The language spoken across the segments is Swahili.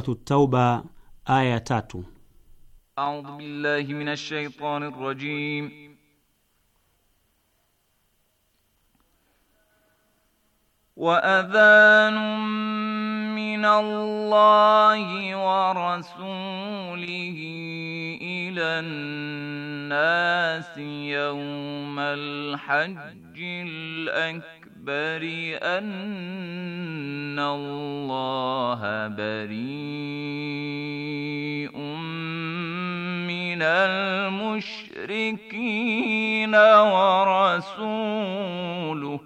سورة التوبة آية 3 أعوذ بالله من الشيطان الرجيم ورسوله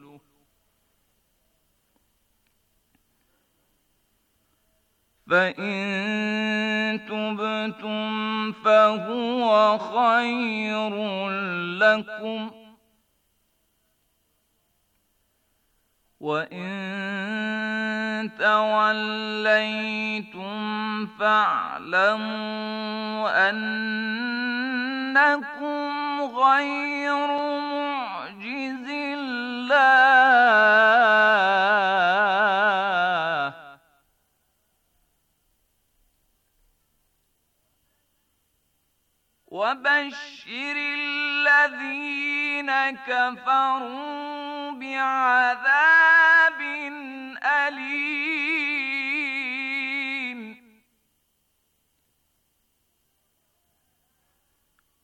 فإن تبتم فهو خير لكم وإن توليتم فاعلموا أنكم غير معجز الله وبشر الذين كفروا بعذاب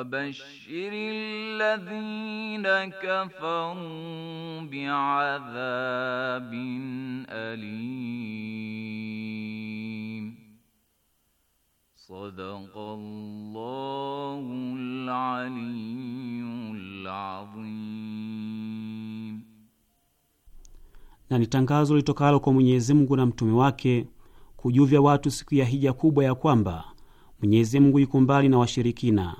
وَبَشِّرِ الَّذِينَ كَفَرُوا بِعَذَابٍ أَلِيمٍ صَدَقَ اللَّهُ الْعَلِيُّ الْعَظِيمُ na ni tangazo litokalo kwa Mwenyezi Mungu na mtume wake kujuvya watu siku ya hija kubwa ya kwamba Mwenyezi Mungu yuko mbali na washirikina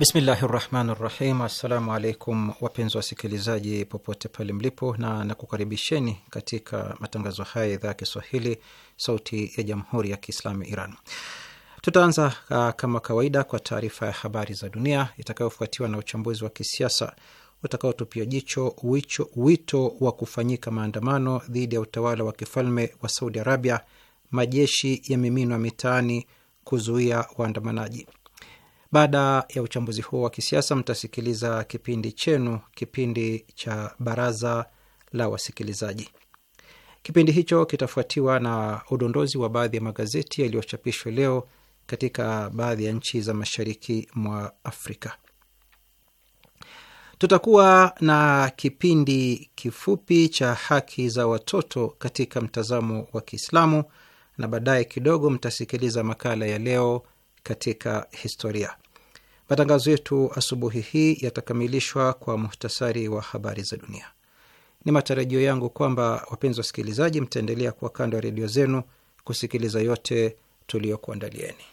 Bismillahi rahmani rahim. Assalamu alaikum wapenzi wasikilizaji popote pale mlipo, na nakukaribisheni katika matangazo haya ya idhaa ya Kiswahili sauti ya jamhuri ya Kiislamu ya Iran. Tutaanza uh, kama kawaida kwa taarifa ya habari za dunia itakayofuatiwa na uchambuzi wa kisiasa utakaotupia jicho wicho, wito wa kufanyika maandamano dhidi ya utawala wa kifalme wa Saudi Arabia, majeshi ya miminwa mitaani kuzuia waandamanaji baada ya uchambuzi huo wa kisiasa, mtasikiliza kipindi chenu, kipindi cha baraza la wasikilizaji. Kipindi hicho kitafuatiwa na udondozi wa baadhi ya magazeti yaliyochapishwa leo katika baadhi ya nchi za mashariki mwa Afrika. Tutakuwa na kipindi kifupi cha haki za watoto katika mtazamo wa Kiislamu, na baadaye kidogo mtasikiliza makala ya leo katika historia. Matangazo yetu asubuhi hii yatakamilishwa kwa muhtasari wa habari za dunia. Ni matarajio yangu kwamba wapenzi wasikilizaji, mtaendelea kuwa kando ya redio zenu kusikiliza yote tuliyokuandalieni.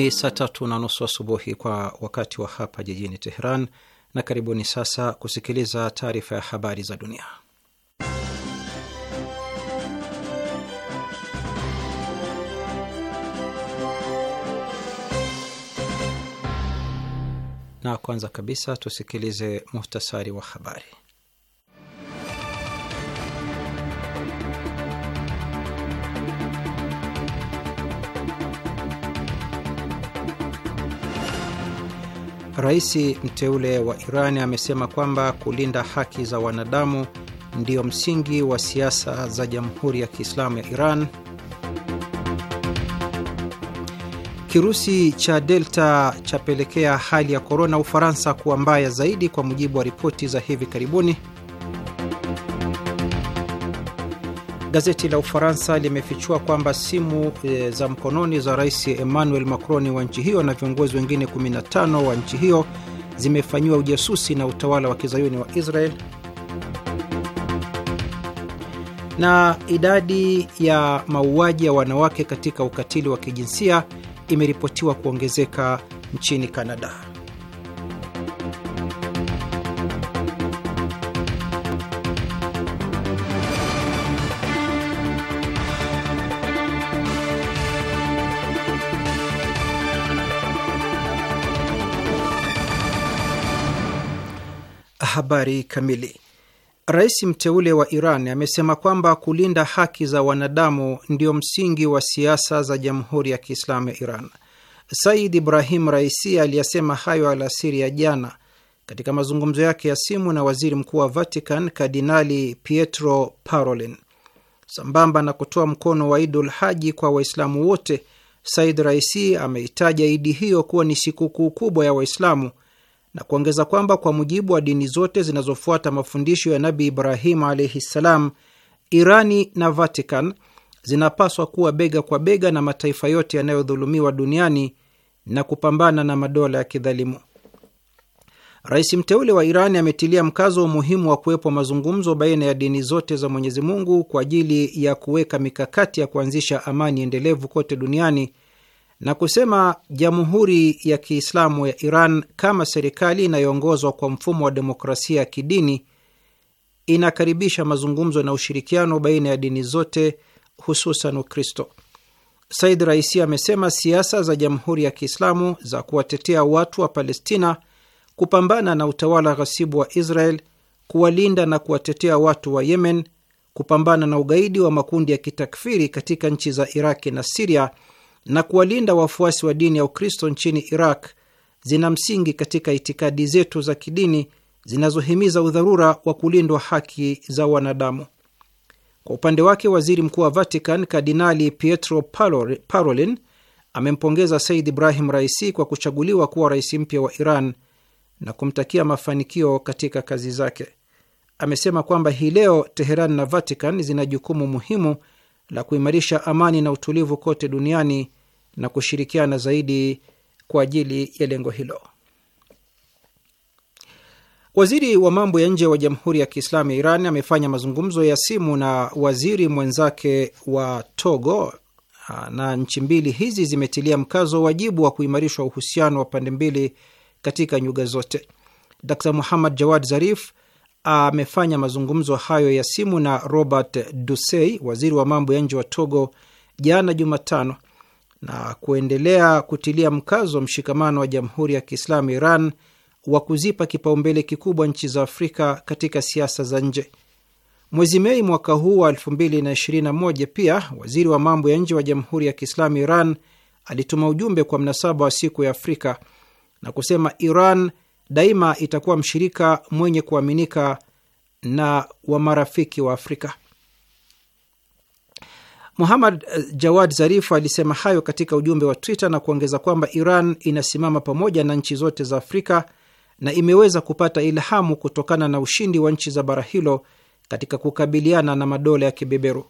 Ni saa tatu na nusu asubuhi wa kwa wakati wa hapa jijini Teheran, na karibuni sasa kusikiliza taarifa ya habari za dunia. Na kwanza kabisa tusikilize muhtasari wa habari. Rais mteule wa Iran amesema kwamba kulinda haki za wanadamu ndiyo msingi wa siasa za Jamhuri ya Kiislamu ya Iran. Kirusi cha Delta chapelekea hali ya korona Ufaransa kuwa mbaya zaidi, kwa mujibu wa ripoti za hivi karibuni. Gazeti la Ufaransa limefichua kwamba simu e, za mkononi za Rais Emmanuel Macron wa nchi hiyo na viongozi wengine 15 wa nchi hiyo zimefanyiwa ujasusi na utawala wa kizayuni wa Israel. Na idadi ya mauaji ya wanawake katika ukatili wa kijinsia imeripotiwa kuongezeka nchini Kanada. habari kamili. Rais mteule wa Iran amesema kwamba kulinda haki za wanadamu ndio msingi wa siasa za Jamhuri ya Kiislamu ya Iran. Said Ibrahim Raisi aliyasema hayo alasiri ya jana katika mazungumzo yake ya simu na waziri mkuu wa Vatican Kardinali Pietro Parolin. Sambamba na kutoa mkono wa Idul Haji kwa Waislamu wote, Said Raisi ameitaja Idi hiyo kuwa ni sikukuu kubwa ya Waislamu na kuongeza kwamba kwa mujibu wa dini zote zinazofuata mafundisho ya Nabi ibrahimu alaihi ssalam, Irani na Vatican zinapaswa kuwa bega kwa bega na mataifa yote yanayodhulumiwa duniani na kupambana na madola ya kidhalimu. Rais mteule wa Irani ametilia mkazo umuhimu wa kuwepo mazungumzo baina ya dini zote za Mwenyezi Mungu kwa ajili ya kuweka mikakati ya kuanzisha amani endelevu kote duniani na kusema Jamhuri ya Kiislamu ya Iran kama serikali inayoongozwa kwa mfumo wa demokrasia ya kidini inakaribisha mazungumzo na ushirikiano baina ya dini zote, hususan Ukristo. Said Raisi amesema siasa za Jamhuri ya Kiislamu za kuwatetea watu wa Palestina, kupambana na utawala ghasibu wa Israel, kuwalinda na kuwatetea watu wa Yemen, kupambana na ugaidi wa makundi ya kitakfiri katika nchi za Iraki na Siria na kuwalinda wafuasi wa dini ya Ukristo nchini Iraq zina msingi katika itikadi zetu za kidini zinazohimiza udharura wa kulindwa haki za wanadamu. Kwa upande wake, waziri mkuu wa Vatican Kardinali Pietro Parolin amempongeza Said Ibrahim Raisi kwa kuchaguliwa kuwa rais mpya wa Iran na kumtakia mafanikio katika kazi zake. Amesema kwamba hii leo Teheran na Vatican zina jukumu muhimu la kuimarisha amani na utulivu kote duniani na kushirikiana zaidi kwa ajili ya lengo hilo. Waziri wa mambo ya nje wa Jamhuri ya Kiislamu ya Iran amefanya mazungumzo ya simu na waziri mwenzake wa Togo, na nchi mbili hizi zimetilia mkazo wajibu wa kuimarishwa uhusiano wa pande mbili katika nyuga zote. Dr Muhammad Jawad Zarif amefanya mazungumzo hayo ya simu na Robert Dusey, waziri wa mambo ya nje wa Togo, jana Jumatano, na kuendelea kutilia mkazo wa mshikamano wa Jamhuri ya Kiislamu Iran wa kuzipa kipaumbele kikubwa nchi za Afrika katika siasa za nje. Mwezi Mei mwaka huu wa 2021 pia waziri wa mambo ya nje wa Jamhuri ya Kiislamu Iran alituma ujumbe kwa mnasaba wa siku ya Afrika na kusema Iran daima itakuwa mshirika mwenye kuaminika na wa marafiki wa Afrika. Muhammad eh, Jawad Zarif alisema hayo katika ujumbe wa Twitter na kuongeza kwamba Iran inasimama pamoja na nchi zote za Afrika na imeweza kupata ilhamu kutokana na ushindi wa nchi za bara hilo katika kukabiliana na madola ya kibeberu.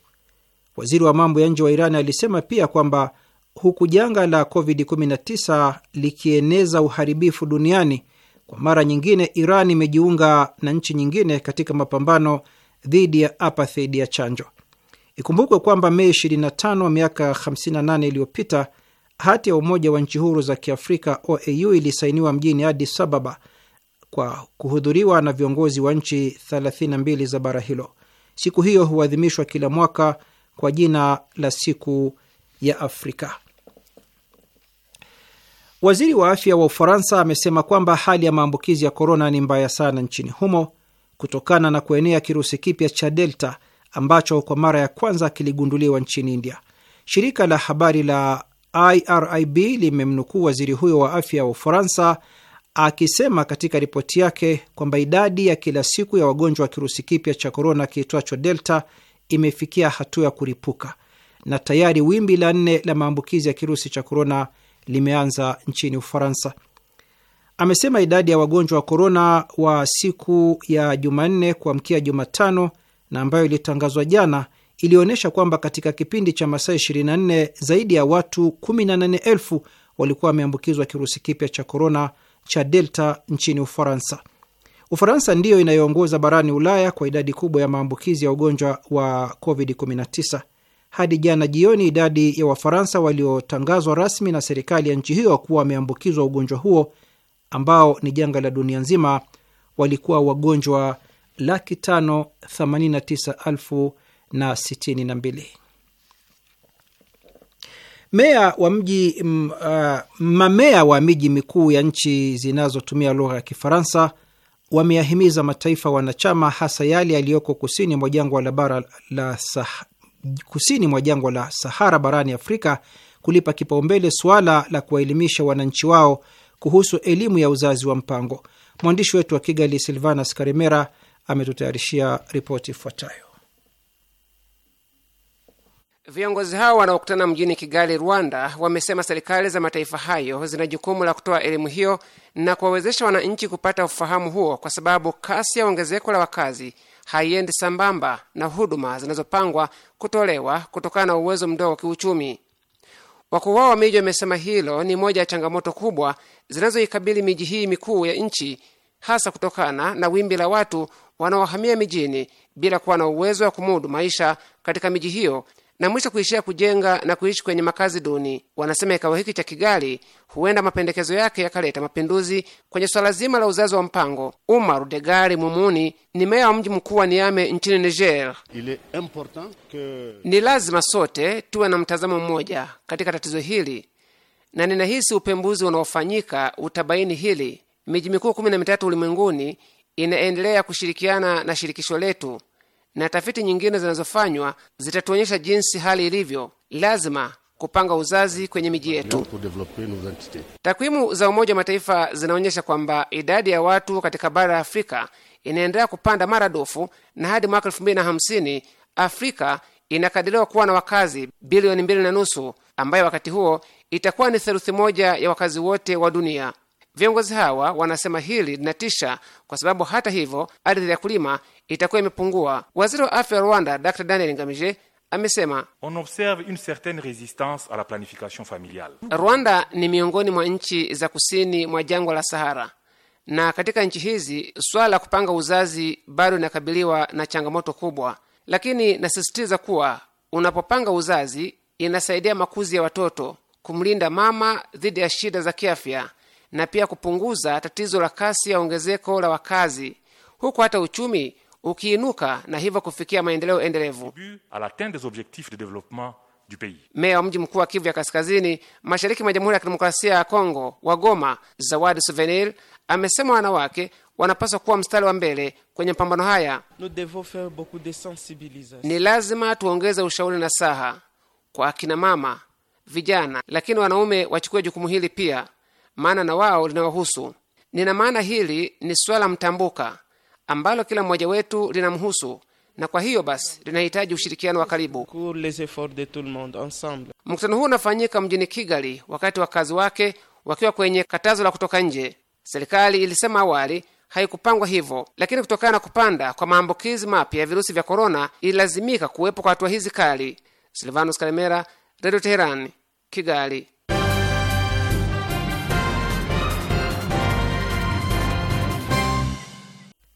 Waziri wa mambo ya nje wa Iran alisema pia kwamba huku janga la COVID-19 likieneza uharibifu duniani, kwa mara nyingine, Iran imejiunga na nchi nyingine katika mapambano dhidi ya apartheid ya chanjo. Ikumbukwe kwamba Mei 25 miaka 58 iliyopita hati ya Umoja wa Nchi Huru za Kiafrika OAU ilisainiwa mjini Addis Ababa kwa kuhudhuriwa na viongozi wa nchi 32 za bara hilo. Siku hiyo huadhimishwa kila mwaka kwa jina la siku ya Afrika. Waziri wa afya wa Ufaransa amesema kwamba hali ya maambukizi ya korona ni mbaya sana nchini humo kutokana na kuenea kirusi kipya cha Delta ambacho kwa mara ya kwanza kiligunduliwa nchini India. Shirika la habari la IRIB limemnukuu waziri huyo wa afya wa Ufaransa akisema katika ripoti yake kwamba idadi ya kila siku ya wagonjwa wa kirusi kipya cha korona kiitwacho Delta imefikia hatua ya kuripuka na tayari wimbi la nne la maambukizi ya kirusi cha korona limeanza nchini Ufaransa. Amesema idadi ya wagonjwa wa korona wa siku ya Jumanne kuamkia Jumatano na ambayo ilitangazwa jana ilionyesha kwamba katika kipindi cha masaa 24 zaidi ya watu 18,000 walikuwa wameambukizwa kirusi kipya cha korona cha Delta nchini Ufaransa. Ufaransa ndiyo inayoongoza barani Ulaya kwa idadi kubwa ya maambukizi ya ugonjwa wa COVID-19. Hadi jana jioni, idadi ya Wafaransa waliotangazwa rasmi na serikali ya nchi hiyo kuwa wameambukizwa ugonjwa huo ambao ni janga la dunia nzima walikuwa wagonjwa laki tano themanini na tisa elfu na sitini na mbili. Meya wa mji uh, mamea wa miji mikuu ya nchi zinazotumia lugha ya Kifaransa wameyahimiza mataifa wanachama hasa yale yaliyoko kusini mwa jangwa la bara la sah, kusini mwa jangwa la Sahara barani Afrika kulipa kipaumbele suala la kuwaelimisha wananchi wao kuhusu elimu ya uzazi wa mpango. Mwandishi wetu wa Kigali, Silvanas Karimera, ametutayarishia ripoti ifuatayo. Viongozi hao wanaokutana mjini Kigali, Rwanda, wamesema serikali za mataifa hayo zina jukumu la kutoa elimu hiyo na kuwawezesha wananchi kupata ufahamu huo, kwa sababu kasi ya ongezeko la wakazi haiendi sambamba na huduma zinazopangwa kutolewa kutokana na uwezo mdogo wa kiuchumi. Wakuu wao wa miji wamesema hilo ni moja ya changamoto kubwa zinazoikabili miji hii mikuu ya nchi, hasa kutokana na wimbi la watu wanaohamia mijini bila kuwa na uwezo wa kumudu maisha katika miji hiyo na mwisho kuishia kujenga na kuishi kwenye makazi duni. Wanasema kikao hiki cha Kigali huenda mapendekezo yake yakaleta mapinduzi kwenye swala zima la uzazi wa mpango. Umaru Degari Mumuni ni meya wa mji mkuu wa Niame nchini Niger. que... ni lazima sote tuwe na mtazamo mmoja katika tatizo hili, na ninahisi upembuzi unaofanyika utabaini hili. Miji mikuu kumi na mitatu ulimwenguni inaendelea kushirikiana na shirikisho letu na tafiti nyingine zinazofanywa zitatuonyesha jinsi hali ilivyo. Lazima kupanga uzazi kwenye miji yetu. Takwimu za Umoja wa Mataifa zinaonyesha kwamba idadi ya watu katika bara la Afrika inaendelea kupanda maradufu na hadi mwaka elfu mbili na hamsini Afrika inakadiriwa kuwa na wakazi bilioni mbili na nusu ambayo wakati huo itakuwa ni theluthi moja ya wakazi wote wa dunia. Viongozi hawa wanasema hili linatisha, kwa sababu hata hivyo ardhi ya kulima itakuwa imepungua. Waziri wa afya wa Rwanda Dr Daniel Ngamije amesema On observe une certaine resistance la planification familiale. Rwanda ni miongoni mwa nchi za kusini mwa jangwa la Sahara, na katika nchi hizi swala la kupanga uzazi bado linakabiliwa na changamoto kubwa, lakini nasisitiza kuwa unapopanga uzazi inasaidia makuzi ya watoto, kumlinda mama dhidi ya shida za kiafya na pia kupunguza tatizo la kasi ya ongezeko la wakazi, huku hata uchumi ukiinuka na hivyo kufikia maendeleo endelevu. Meya wa mji mkuu wa Kivu ya Kaskazini, mashariki mwa Jamhuri ya Kidemokrasia ya Kongo wa Goma, Zawadi Souvenir, amesema wanawake wanapaswa kuwa mstari wa mbele kwenye mapambano haya. Ni lazima tuongeze ushauri na saha kwa akina mama, vijana, lakini wanaume wachukue jukumu hili pia, maana na wao linawahusu. Nina maana hili ni swala mtambuka ambalo kila mmoja wetu linamhusu na kwa hiyo basi linahitaji ushirikiano wa karibu. Mkutano huu unafanyika mjini Kigali, wakati wakazi wake wakiwa kwenye katazo la kutoka nje. Serikali ilisema awali haikupangwa hivyo, lakini kutokana na kupanda kwa maambukizi mapya ya virusi vya korona ililazimika kuwepo kwa hatua hizi kali. Silvanus Kalemera, Teherani, Kigali.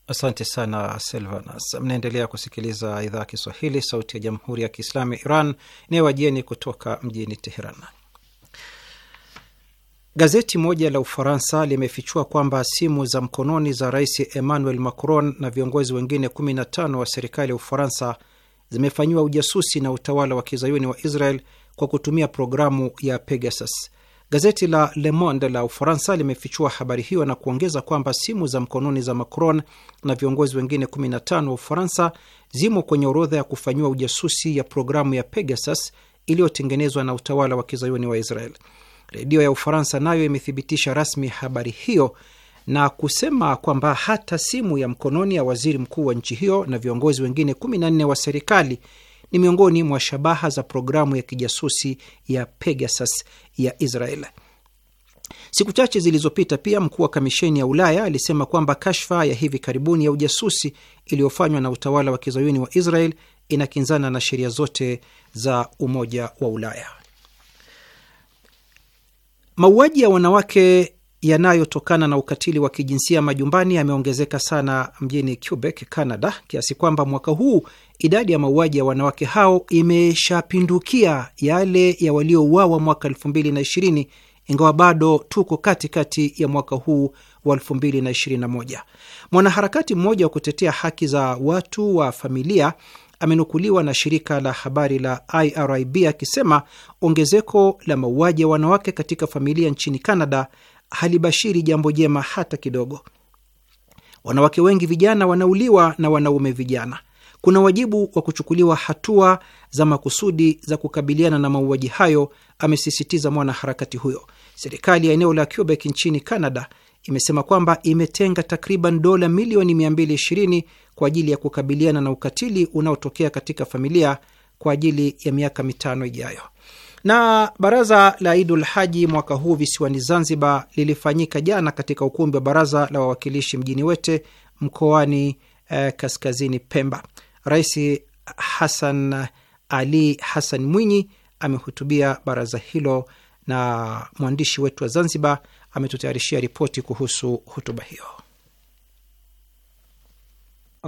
Asante sana silvanas Mnaendelea kusikiliza idhaa ya Kiswahili, sauti ya jamhuri ya kiislamu ya Iran inayowajieni kutoka mjini Teheran. Gazeti moja la Ufaransa limefichua kwamba simu za mkononi za rais Emmanuel Macron na viongozi wengine 15 wa serikali ya Ufaransa zimefanyiwa ujasusi na utawala wa kizayuni wa Israel kwa kutumia programu ya Pegasus. Gazeti la Le Monde la Ufaransa limefichua habari hiyo na kuongeza kwamba simu za mkononi za Macron na viongozi wengine 15 wa Ufaransa zimo kwenye orodha ya kufanyiwa ujasusi ya programu ya Pegasus iliyotengenezwa na utawala wa kizayuni wa Israel. Redio ya Ufaransa nayo imethibitisha rasmi habari hiyo na kusema kwamba hata simu ya mkononi ya waziri mkuu wa nchi hiyo na viongozi wengine 14 wa serikali ni miongoni mwa shabaha za programu ya kijasusi ya Pegasus ya Israel. Siku chache zilizopita pia mkuu wa kamisheni ya Ulaya alisema kwamba kashfa ya hivi karibuni ya ujasusi iliyofanywa na utawala wa kizayuni wa Israel inakinzana na sheria zote za Umoja wa Ulaya. Mauaji ya wanawake yanayotokana na ukatili wa kijinsia majumbani yameongezeka sana mjini Quebec, Canada, kiasi kwamba mwaka huu idadi ya mauaji ya wanawake hao imeshapindukia yale ya waliouawa mwaka 2020 ingawa bado tuko katikati kati ya mwaka huu wa 2021. Mwanaharakati mmoja wa kutetea haki za watu wa familia amenukuliwa na shirika la habari la IRIB akisema ongezeko la mauaji ya wanawake katika familia nchini Canada halibashiri jambo jema hata kidogo. Wanawake wengi vijana wanauliwa na wanaume vijana. Kuna wajibu wa kuchukuliwa hatua za makusudi za kukabiliana na mauaji hayo, amesisitiza mwanaharakati huyo. Serikali ya eneo la Quebec nchini Canada imesema kwamba imetenga takriban dola milioni 220 kwa ajili ya kukabiliana na ukatili unaotokea katika familia kwa ajili ya miaka mitano ijayo. Na baraza la Idul Haji mwaka huu visiwani Zanzibar lilifanyika jana katika ukumbi wa baraza la wawakilishi mjini Wete mkoani eh, kaskazini Pemba. Rais Hasan Ali Hasan Mwinyi amehutubia baraza hilo na mwandishi wetu wa Zanzibar ametutayarishia ripoti kuhusu hotuba hiyo.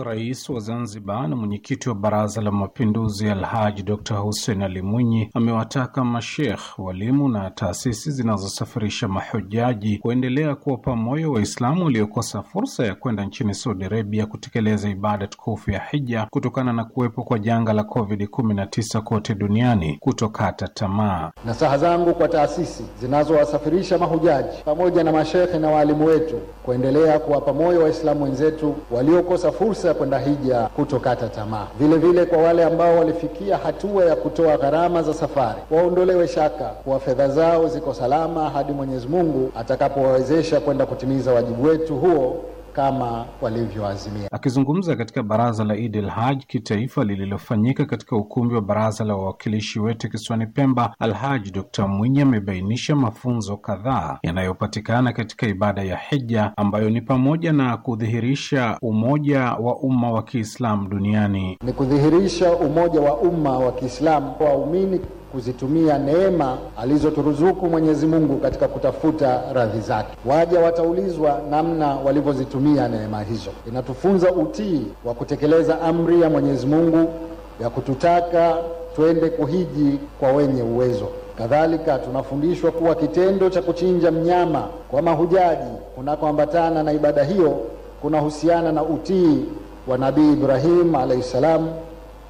Rais wa Zanzibar na mwenyekiti wa Baraza la Mapinduzi Alhaji Dr Hussein Ali Mwinyi amewataka mashekh, walimu na taasisi zinazosafirisha mahujaji kuendelea kuwapa moyo Waislamu waliokosa fursa ya kwenda nchini Saudi Arabia kutekeleza ibada tukufu ya hija kutokana na kuwepo kwa janga la COVID-19 kote duniani kutokata tamaa. Nasaha zangu kwa taasisi zinazowasafirisha mahujaji pamoja na mashekhe na waalimu wetu kuendelea kuwapa moyo Waislamu wenzetu waliokosa fursa fursa ya kwenda hija kutokata tamaa. Vile vile kwa wale ambao walifikia hatua ya kutoa gharama za safari, waondolewe shaka kuwa fedha zao ziko salama hadi Mwenyezi Mungu atakapowawezesha kwenda kutimiza wajibu wetu huo kama walivyoazimia. Akizungumza katika baraza la Idi el Haj kitaifa lililofanyika katika ukumbi wa baraza la wawakilishi wete kisiwani Pemba, Alhaj d Mwinyi amebainisha mafunzo kadhaa yanayopatikana katika ibada ya hija ambayo ni pamoja na kudhihirisha umoja wa umma wa Kiislamu duniani. Ni kudhihirisha umoja wa umma wa Kiislamu waumini kuzitumia neema alizoturuzuku Mwenyezi Mungu katika kutafuta radhi zake. Waja wataulizwa namna walivyozitumia neema hizo. Inatufunza utii wa kutekeleza amri ya Mwenyezi Mungu ya kututaka twende kuhiji kwa wenye uwezo. Kadhalika tunafundishwa kuwa kitendo cha kuchinja mnyama kwa mahujaji kunakoambatana na ibada hiyo kunahusiana na utii wa Nabii Ibrahim alahi salam,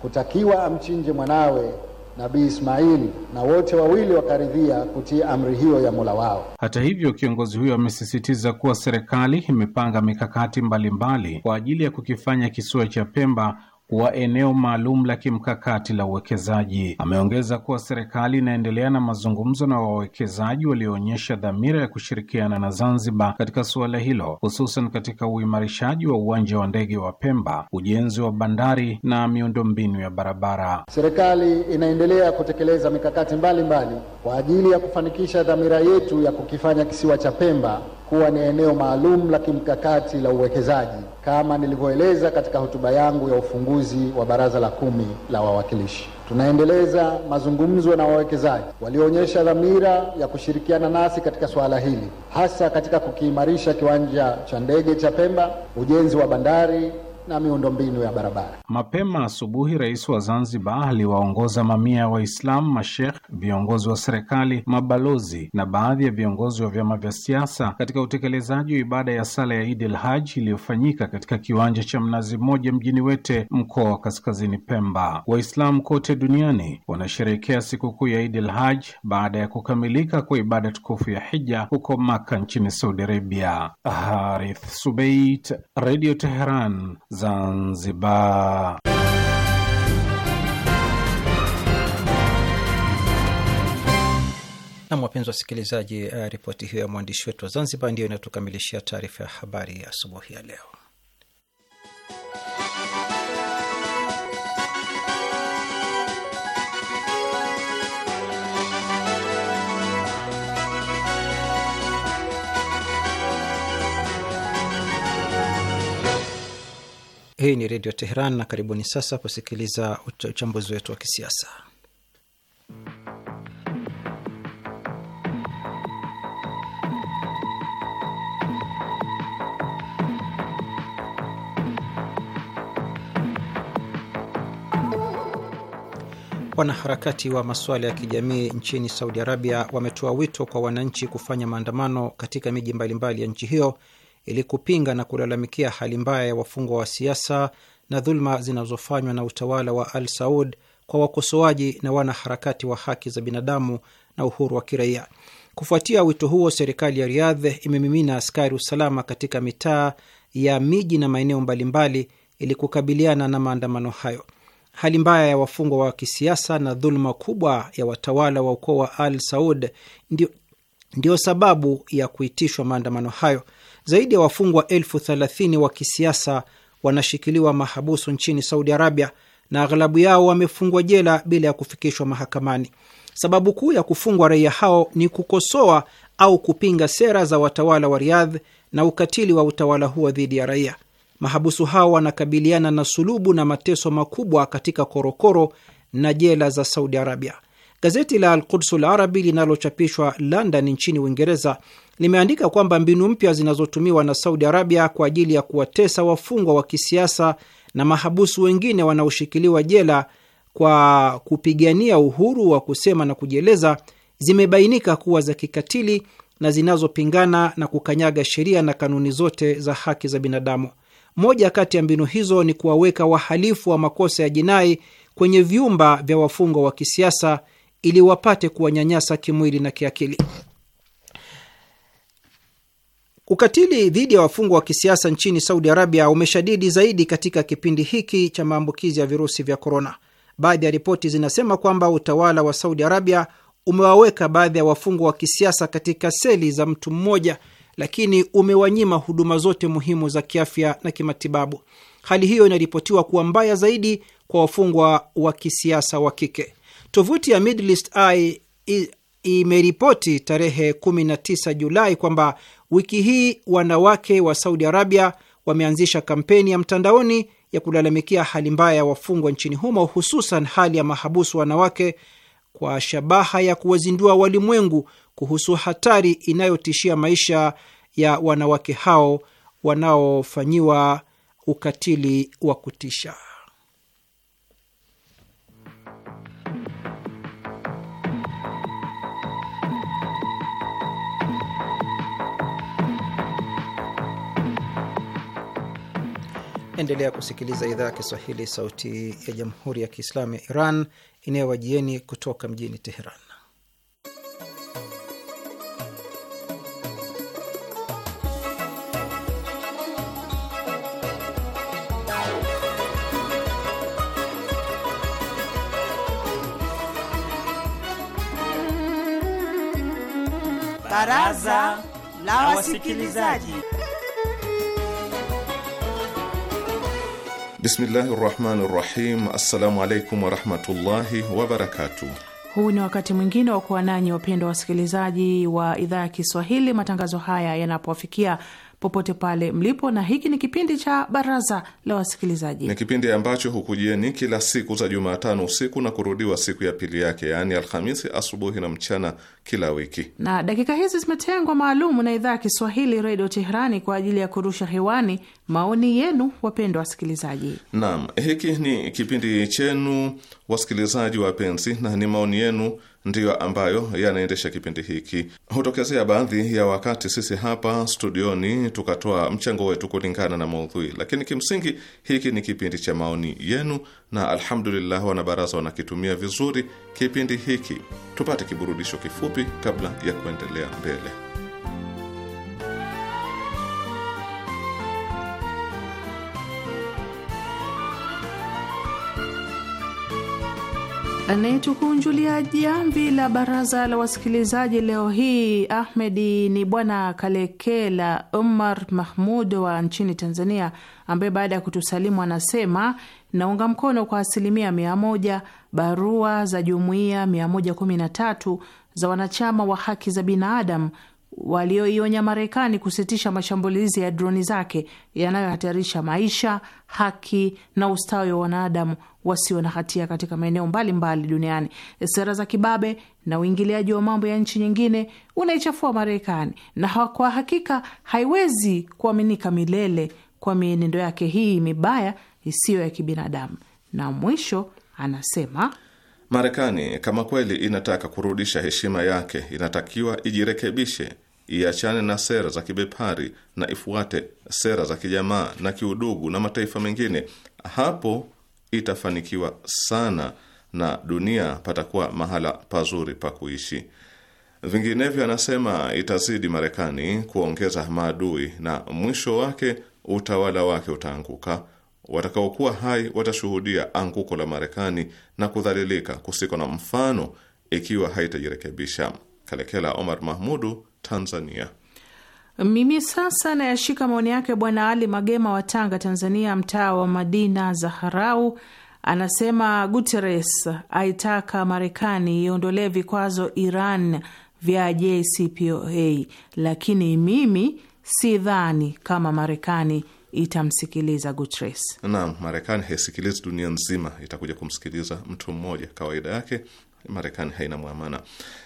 kutakiwa amchinje mwanawe Nabii Ismaili na wote wawili wakaridhia kutii amri hiyo ya Mola wao. Hata hivyo, kiongozi huyo amesisitiza kuwa serikali imepanga mikakati mbalimbali mbali kwa ajili ya kukifanya kisiwa cha Pemba wa eneo maalum la kimkakati la uwekezaji. Ameongeza kuwa serikali inaendelea na mazungumzo na wawekezaji walioonyesha dhamira ya kushirikiana na Zanzibar katika suala hilo, hususan katika uimarishaji wa uwanja wa ndege wa Pemba, ujenzi wa bandari na miundombinu ya barabara. Serikali inaendelea kutekeleza mikakati mbalimbali mbali kwa ajili ya kufanikisha dhamira yetu ya kukifanya kisiwa cha Pemba kuwa ni eneo maalum la kimkakati la uwekezaji kama nilivyoeleza katika hotuba yangu ya ufunguzi wa Baraza la Kumi la Wawakilishi. Tunaendeleza mazungumzo na wawekezaji walioonyesha dhamira ya kushirikiana nasi katika suala hili, hasa katika kukiimarisha kiwanja cha ndege cha Pemba, ujenzi wa bandari na miundombinu ya barabara. Mapema asubuhi, rais wa Zanzibar aliwaongoza mamia ya Waislamu, mashekh, viongozi wa serikali, mabalozi na baadhi ya viongozi wa vyama vya siasa katika utekelezaji wa ibada ya sala ya Idil Haj iliyofanyika katika kiwanja cha Mnazi Mmoja mjini Wete, mkoa wa Kaskazini Pemba. Waislamu kote duniani wanasherehekea sikukuu ya Idil haj baada ya kukamilika kwa ibada tukufu ya hija huko Maka nchini Saudi Arabia. Harith Subeit, Radio Teheran. Zanzibar. Nam, wapenzi wasikilizaji, eh, ripoti hiyo ya mwandishi wetu wa Zanzibar ndiyo inatukamilishia taarifa ya habari asubuhi ya leo. Hii ni Redio Teheran na karibuni sasa kusikiliza uchambuzi wetu wa kisiasa. Wanaharakati wa masuala ya kijamii nchini Saudi Arabia wametoa wito kwa wananchi kufanya maandamano katika miji mbalimbali ya nchi hiyo ili kupinga na kulalamikia hali mbaya ya wafungwa wa siasa na dhuluma zinazofanywa na utawala wa Al Saud kwa wakosoaji na wanaharakati wa haki za binadamu na uhuru wa kiraia. Kufuatia wito huo, serikali ya Riyadh imemimina askari usalama katika mitaa ya miji na maeneo mbalimbali ili kukabiliana na maandamano hayo. Hali mbaya ya wafungwa wa kisiasa na dhuluma kubwa ya watawala wa ukoo wa Al Saud ndio, ndio sababu ya kuitishwa maandamano hayo. Zaidi ya wafungwa elfu thelathini wa kisiasa wanashikiliwa mahabusu nchini Saudi Arabia na aghalabu yao wamefungwa jela bila ya kufikishwa mahakamani. Sababu kuu ya kufungwa raia hao ni kukosoa au kupinga sera za watawala wa Riyadh na ukatili wa utawala huo dhidi ya raia. Mahabusu hao wanakabiliana na sulubu na mateso makubwa katika korokoro na jela za Saudi Arabia. Gazeti la Alqudsul Arabi linalochapishwa London nchini Uingereza limeandika kwamba mbinu mpya zinazotumiwa na Saudi Arabia kwa ajili ya kuwatesa wafungwa wa kisiasa na mahabusu wengine wanaoshikiliwa jela kwa kupigania uhuru wa kusema na kujieleza zimebainika kuwa za kikatili na zinazopingana na kukanyaga sheria na kanuni zote za haki za binadamu. Moja kati ya mbinu hizo ni kuwaweka wahalifu wa makosa ya jinai kwenye vyumba vya wafungwa wa kisiasa ili wapate kuwanyanyasa kimwili na kiakili. Ukatili dhidi ya wafungwa wa kisiasa nchini Saudi Arabia umeshadidi zaidi katika kipindi hiki cha maambukizi ya virusi vya korona. Baadhi ya ripoti zinasema kwamba utawala wa Saudi Arabia umewaweka baadhi ya wafungwa wa kisiasa katika seli za mtu mmoja, lakini umewanyima huduma zote muhimu za kiafya na kimatibabu. Hali hiyo inaripotiwa kuwa mbaya zaidi kwa wafungwa wa kisiasa wa kike. Tovuti ya Middle East Eye imeripoti tarehe 19 Julai kwamba wiki hii wanawake wa Saudi Arabia wameanzisha kampeni ya mtandaoni ya kulalamikia hali mbaya ya wafungwa nchini humo, hususan hali ya mahabusu wanawake, kwa shabaha ya kuwazindua walimwengu kuhusu hatari inayotishia maisha ya wanawake hao wanaofanyiwa ukatili wa kutisha. Endelea kusikiliza idhaa ya Kiswahili, sauti ya jamhuri ya kiislamu ya Iran inayowajieni kutoka mjini Teheran. Baraza la Wasikilizaji. Bismillahi rahmani rahim. Assalamu alaikum warahmatullahi wabarakatu. Huu ni wakati mwingine wa kuwa nanyi wapendwa wasikilizaji wa idhaa ya Kiswahili, matangazo haya yanapowafikia popote pale mlipo, na hiki ni kipindi cha Baraza la Wasikilizaji. Ni kipindi ambacho hukujieni kila siku za Jumatano usiku na kurudiwa siku ya pili yake, yaani Alhamisi asubuhi na mchana kila wiki, na dakika hizi zimetengwa maalumu na idhaa ya Kiswahili Redio Teherani kwa ajili ya kurusha hewani maoni yenu, wapendwa wasikilizaji. Naam, hiki ni kipindi chenu wasikilizaji wapenzi, na ni maoni yenu ndiyo ambayo yanaendesha kipindi hiki. Hutokezea baadhi ya wakati sisi hapa studioni tukatoa mchango wetu kulingana na maudhui, lakini kimsingi hiki ni kipindi cha maoni yenu, na alhamdulillah, wanabaraza wanakitumia vizuri kipindi hiki. Tupate kiburudisho kifupi kabla ya kuendelea mbele. Anayetukunjulia jamvi la baraza la wasikilizaji leo hii Ahmedi ni Bwana Kalekela Omar Mahmud wa nchini Tanzania, ambaye baada ya kutusalimu anasema naunga mkono kwa asilimia mia moja barua za jumuiya 113 za wanachama wa haki za binadamu walioionya Marekani kusitisha mashambulizi ya droni zake yanayohatarisha maisha, haki na ustawi wa wanadamu wasio na hatia katika maeneo mbalimbali duniani. Sera za kibabe na uingiliaji wa mambo ya nchi nyingine unaichafua Marekani na kwa hakika haiwezi kuaminika milele kwa mienendo yake hii mibaya isiyo ya kibinadamu. Na mwisho anasema Marekani kama kweli inataka kurudisha heshima yake, inatakiwa ijirekebishe, iachane na sera za kibepari na ifuate sera za kijamaa na kiudugu na mataifa mengine. Hapo itafanikiwa sana na dunia patakuwa mahala pazuri pa kuishi. Vinginevyo, anasema itazidi Marekani kuongeza maadui na mwisho wake utawala wake utaanguka. Watakaokuwa hai watashuhudia anguko la Marekani na kudhalilika kusiko na mfano ikiwa haitajirekebisha. Kalekela Omar Mahmudu, Tanzania. Mimi sasa nayashika maoni yake Bwana Ali Magema wa Tanga, Tanzania, mtaa wa Madina Zaharau. Anasema Guteres aitaka Marekani iondolee vikwazo Iran vya JCPOA, lakini mimi si dhani kama Marekani itamsikiliza Guterres. Naam, Marekani haisikilizi dunia nzima, itakuja kumsikiliza mtu mmoja. Kawaida yake Marekani haina mwamana.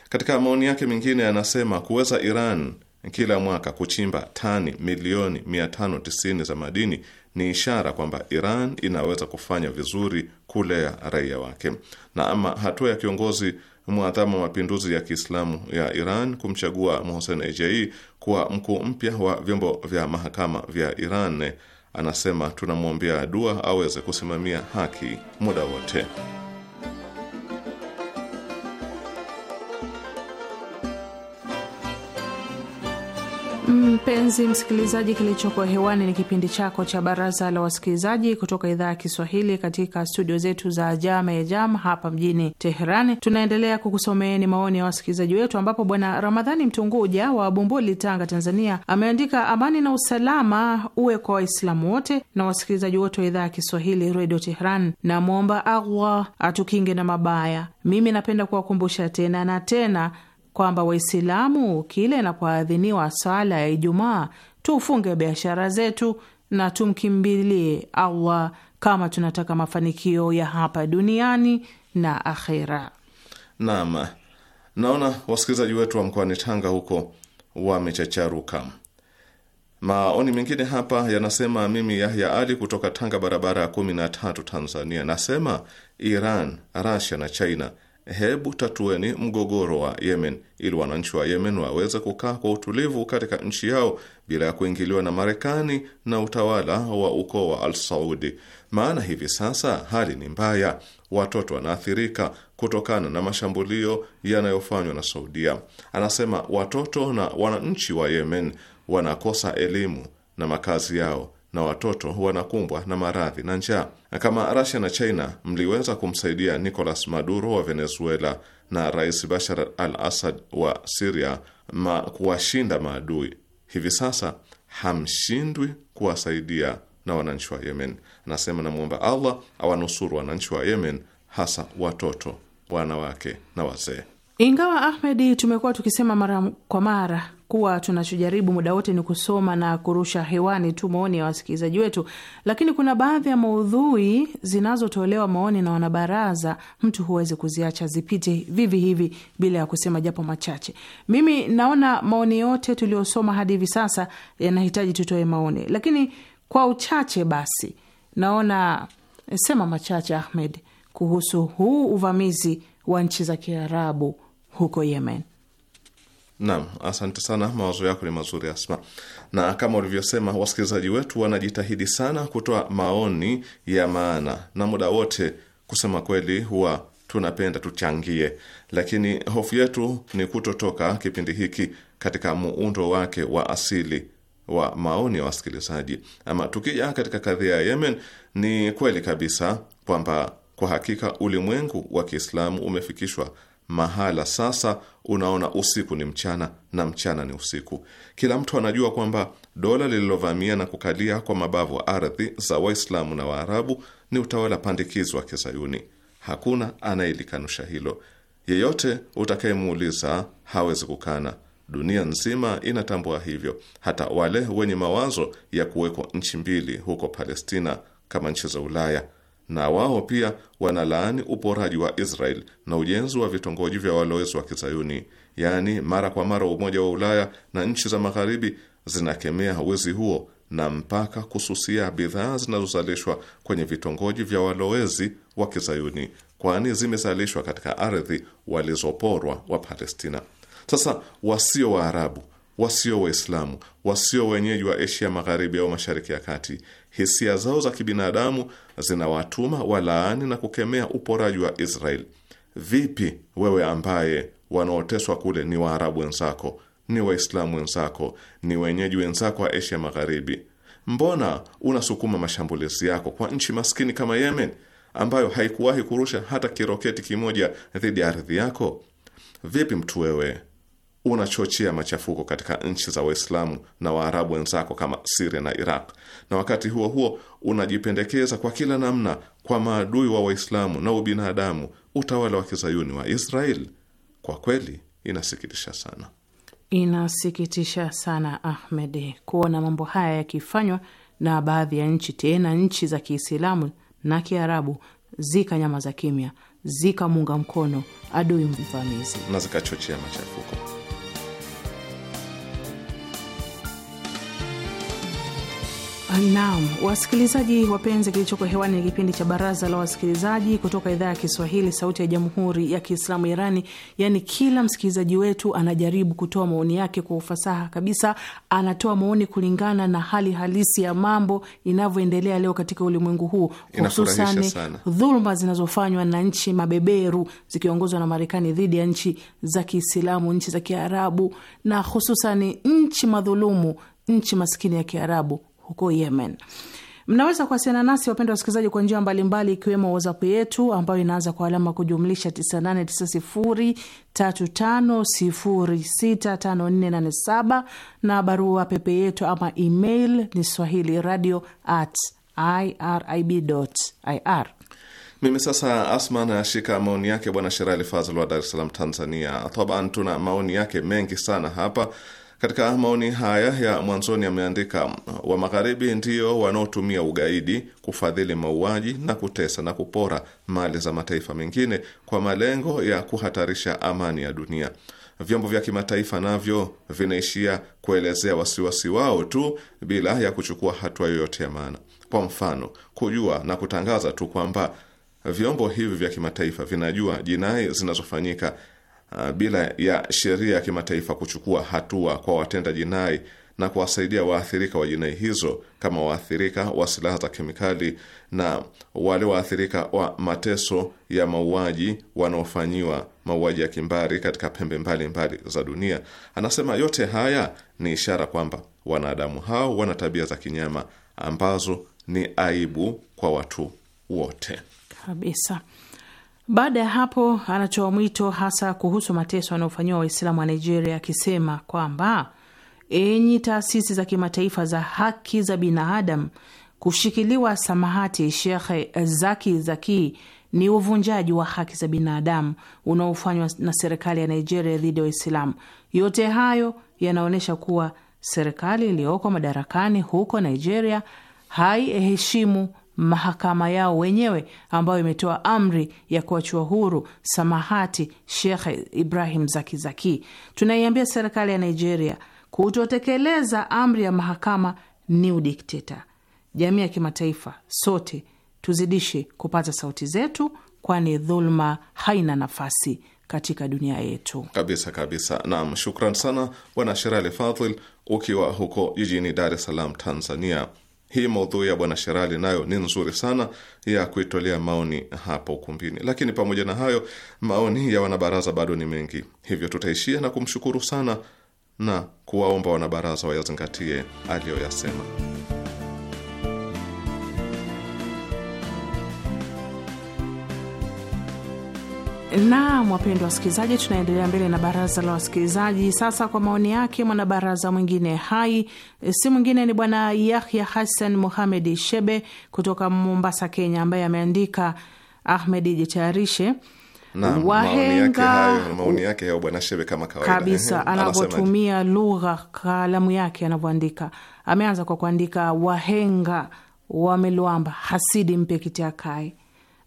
Katika maoni yake mengine, anasema kuweza Iran kila mwaka kuchimba tani milioni 590 za madini ni ishara kwamba Iran inaweza kufanya vizuri kulea raia wake. Na ama hatua ya kiongozi mwadhamu wa mapinduzi ya Kiislamu ya Iran kumchagua Mohsen Ejei kuwa mkuu mpya wa vyombo vya mahakama vya Iran, anasema tunamwombea dua aweze kusimamia haki muda wote. Mpenzi msikilizaji, kilichoko hewani ni kipindi chako cha Baraza la Wasikilizaji kutoka idhaa ya Kiswahili katika studio zetu za jama ya Jam hapa mjini Teherani. Tunaendelea kukusomeeni maoni ya wasikilizaji wetu, ambapo Bwana Ramadhani Mtunguja wa Bumbuli, Tanga, Tanzania, ameandika amani na usalama uwe kwa Waislamu wote na wasikilizaji wote wa idhaa ya Kiswahili Redio Teheran. Namwomba Allah atukinge na mabaya. Mimi napenda kuwakumbusha tena na tena kwamba Waislamu kile inapoadhiniwa swala ya Ijumaa tufunge biashara zetu na tumkimbilie Allah kama tunataka mafanikio ya hapa duniani na akhira. Naam, naona wasikilizaji wetu wa mkoani Tanga huko wamechacharuka. Maoni mengine hapa yanasema, mimi Yahya Ali kutoka Tanga, barabara ya kumi na tatu, Tanzania, nasema Iran, rasia na China hebu tatueni mgogoro wa Yemen ili wananchi wa Yemen waweze kukaa kwa utulivu katika nchi yao bila ya kuingiliwa na Marekani na utawala wa ukoo wa Al Saudi, maana hivi sasa hali ni mbaya. Watoto wanaathirika kutokana na mashambulio yanayofanywa na Saudia. Anasema watoto na wananchi wa Yemen wanakosa elimu na makazi yao na watoto wanakumbwa na maradhi na njaa. Kama Russia na China mliweza kumsaidia Nicolas Maduro wa Venezuela na Rais Bashar al-Assad wa Syria ma kuwashinda maadui, hivi sasa hamshindwi kuwasaidia na wananchi wa Yemen. Anasema, namwomba Allah awanusuru wananchi wa Yemen, hasa watoto, wanawake na wazee. Ingawa Ahmedi, tumekuwa tukisema mara kwa mara kuwa tunachojaribu muda wote ni kusoma na kurusha hewani tu maoni ya wasikilizaji wetu, lakini kuna baadhi ya maudhui zinazotolewa maoni na wanabaraza, mtu huwezi kuziacha zipite vivi hivi bila ya kusema japo machache. Mimi naona maoni yote tuliosoma hadi hivi sasa yanahitaji tutoe maoni, lakini kwa uchache basi, naona eh, sema machache, Ahmed, kuhusu huu uvamizi wa nchi za Kiarabu huko Yemen. Naam, asante sana, mawazo yako ni mazuri Asma, na kama ulivyosema, wasikilizaji wetu wanajitahidi sana kutoa maoni ya maana, na muda wote kusema kweli huwa tunapenda tuchangie, lakini hofu yetu ni kutotoka kipindi hiki katika muundo wake wa asili wa maoni ya wasikilizaji. Ama tukija katika kadhia ya Yemen, ni kweli kabisa kwamba kwa hakika ulimwengu wa Kiislamu umefikishwa mahala sasa unaona usiku ni mchana na mchana ni usiku. Kila mtu anajua kwamba dola lililovamia na kukalia kwa mabavu wa ardhi za Waislamu na Waarabu ni utawala pandikizi wa Kizayuni. Hakuna anayelikanusha hilo. Yeyote utakayemuuliza hawezi kukana. Dunia nzima inatambua hivyo, hata wale wenye mawazo ya kuwekwa nchi mbili huko Palestina kama nchi za Ulaya na wao pia wanalaani uporaji wa Israel na ujenzi wa vitongoji vya walowezi wa Kizayuni. Yaani, mara kwa mara Umoja wa Ulaya na nchi za Magharibi zinakemea wizi huo na mpaka kususia bidhaa zinazozalishwa kwenye vitongoji vya walowezi wa Kizayuni, kwani zimezalishwa katika ardhi walizoporwa wa Palestina. Sasa wasio Waarabu, wasio Waislamu, wasio wenyeji wa Asia Magharibi au Mashariki ya Kati hisia zao za kibinadamu zinawatuma walaani na kukemea uporaji wa Israel. Vipi wewe ambaye wanaoteswa kule ni Waarabu wenzako, ni Waislamu wenzako, ni wenyeji wenzako wa Asia Magharibi, mbona unasukuma mashambulizi yako kwa nchi maskini kama Yemen ambayo haikuwahi kurusha hata kiroketi kimoja dhidi ya ardhi yako? Vipi mtu wewe unachochea machafuko katika nchi za Waislamu na Waarabu wenzako kama Siria na Iraq, na wakati huo huo unajipendekeza kwa kila namna kwa maadui wa Waislamu na ubinadamu, utawala wa kizayuni wa Israel. Kwa kweli inasikitisha sana, inasikitisha sana Ahmed, kuona mambo haya yakifanywa na baadhi ya nchi, tena nchi za Kiislamu na Kiarabu zika nyama za kimya, zikamunga mkono adui mvamizi na zikachochea machafuko. Naam, wasikilizaji wapenzi, kilichoko hewani ni kipindi cha Baraza la Wasikilizaji kutoka idhaa ya Kiswahili, Sauti ya Jamhuri ya Kiislamu Irani. Yaani kila msikilizaji wetu anajaribu kutoa maoni yake kwa ufasaha kabisa, anatoa maoni kulingana na hali halisi ya mambo inavyoendelea leo katika ulimwengu huu, hususan dhuluma zinazofanywa na nchi mabeberu zikiongozwa na Marekani dhidi ya nchi za Kiislamu, nchi za Kiarabu na hususan nchi madhulumu, nchi maskini ya Kiarabu huko Yemen. Mnaweza kuwasiliana nasi wapendwa wasikilizaji, kwa njia mbalimbali, ikiwemo WhatsApp yetu ambayo inaanza kwa alama kujumlisha 989035065487 na barua pepe yetu ama email ni swahili radio at irib ir. Mimi sasa Asma nayashika maoni yake Bwana Sherali Fazl wa Dar es Salaam, Tanzania. Taban, tuna maoni yake mengi sana hapa katika maoni haya ya mwanzoni ameandika, wa magharibi ndio wanaotumia ugaidi kufadhili mauaji na kutesa na kupora mali za mataifa mengine kwa malengo ya kuhatarisha amani ya dunia. Vyombo vya kimataifa navyo vinaishia kuelezea wasiwasi wao tu bila ya kuchukua hatua yoyote ya maana. Kwa mfano, kujua na kutangaza tu kwamba vyombo hivi vya kimataifa vinajua jinai zinazofanyika Uh, bila ya sheria ya kimataifa kuchukua hatua kwa watenda jinai na kuwasaidia waathirika wa jinai hizo kama waathirika wa silaha za kemikali na wale waathirika wa mateso ya mauaji wanaofanyiwa mauaji ya kimbari katika pembe mbalimbali mbali za dunia. Anasema yote haya ni ishara kwamba wanadamu hao wana tabia za kinyama ambazo ni aibu kwa watu wote kabisa. Baada ya hapo, anatoa mwito hasa kuhusu mateso anayofanyiwa Waislamu wa Nigeria, akisema kwamba enyi taasisi za kimataifa za haki za binadamu, kushikiliwa samahati Shekhe Zaki Zaki ni uvunjaji wa haki za binadamu unaofanywa na serikali ya Nigeria dhidi ya Waislamu. Yote hayo yanaonyesha kuwa serikali iliyoko madarakani huko Nigeria haiheshimu mahakama yao wenyewe ambayo imetoa amri ya kuachua huru samahati Shekhe Ibrahim Zakizaki. Tunaiambia serikali ya Nigeria, kutotekeleza amri ya mahakama ni udikteta. Jamii ya kimataifa, sote tuzidishe kupata sauti zetu, kwani dhuluma haina nafasi katika dunia yetu kabisa kabisa. Naam, shukran sana Bwana Sherali Fadhil ukiwa huko jijini Dar es Salaam, Tanzania. Hii maudhui ya bwana Sherali nayo ni nzuri sana ya kuitolea maoni hapa ukumbini, lakini pamoja na hayo maoni ya wanabaraza bado ni mengi, hivyo tutaishia na kumshukuru sana na kuwaomba wanabaraza wayazingatie aliyoyasema. na wapendwa wasikilizaji, tunaendelea mbele na baraza la wasikilizaji sasa. Kwa maoni yake mwanabaraza mwingine hai si mwingine ni bwana Yahya Hassan Muhamed Shebe kutoka Mombasa, Kenya, ambaye ameandika Ahmed jitayarishe na, wahenga maoni yake hayo bwana Shebe kama kawaida kabisa anavyotumia lugha kalamu yake anavyoandika. Ameanza kwa kuandika wahenga wamelwamba hasidi mpe kitiakae,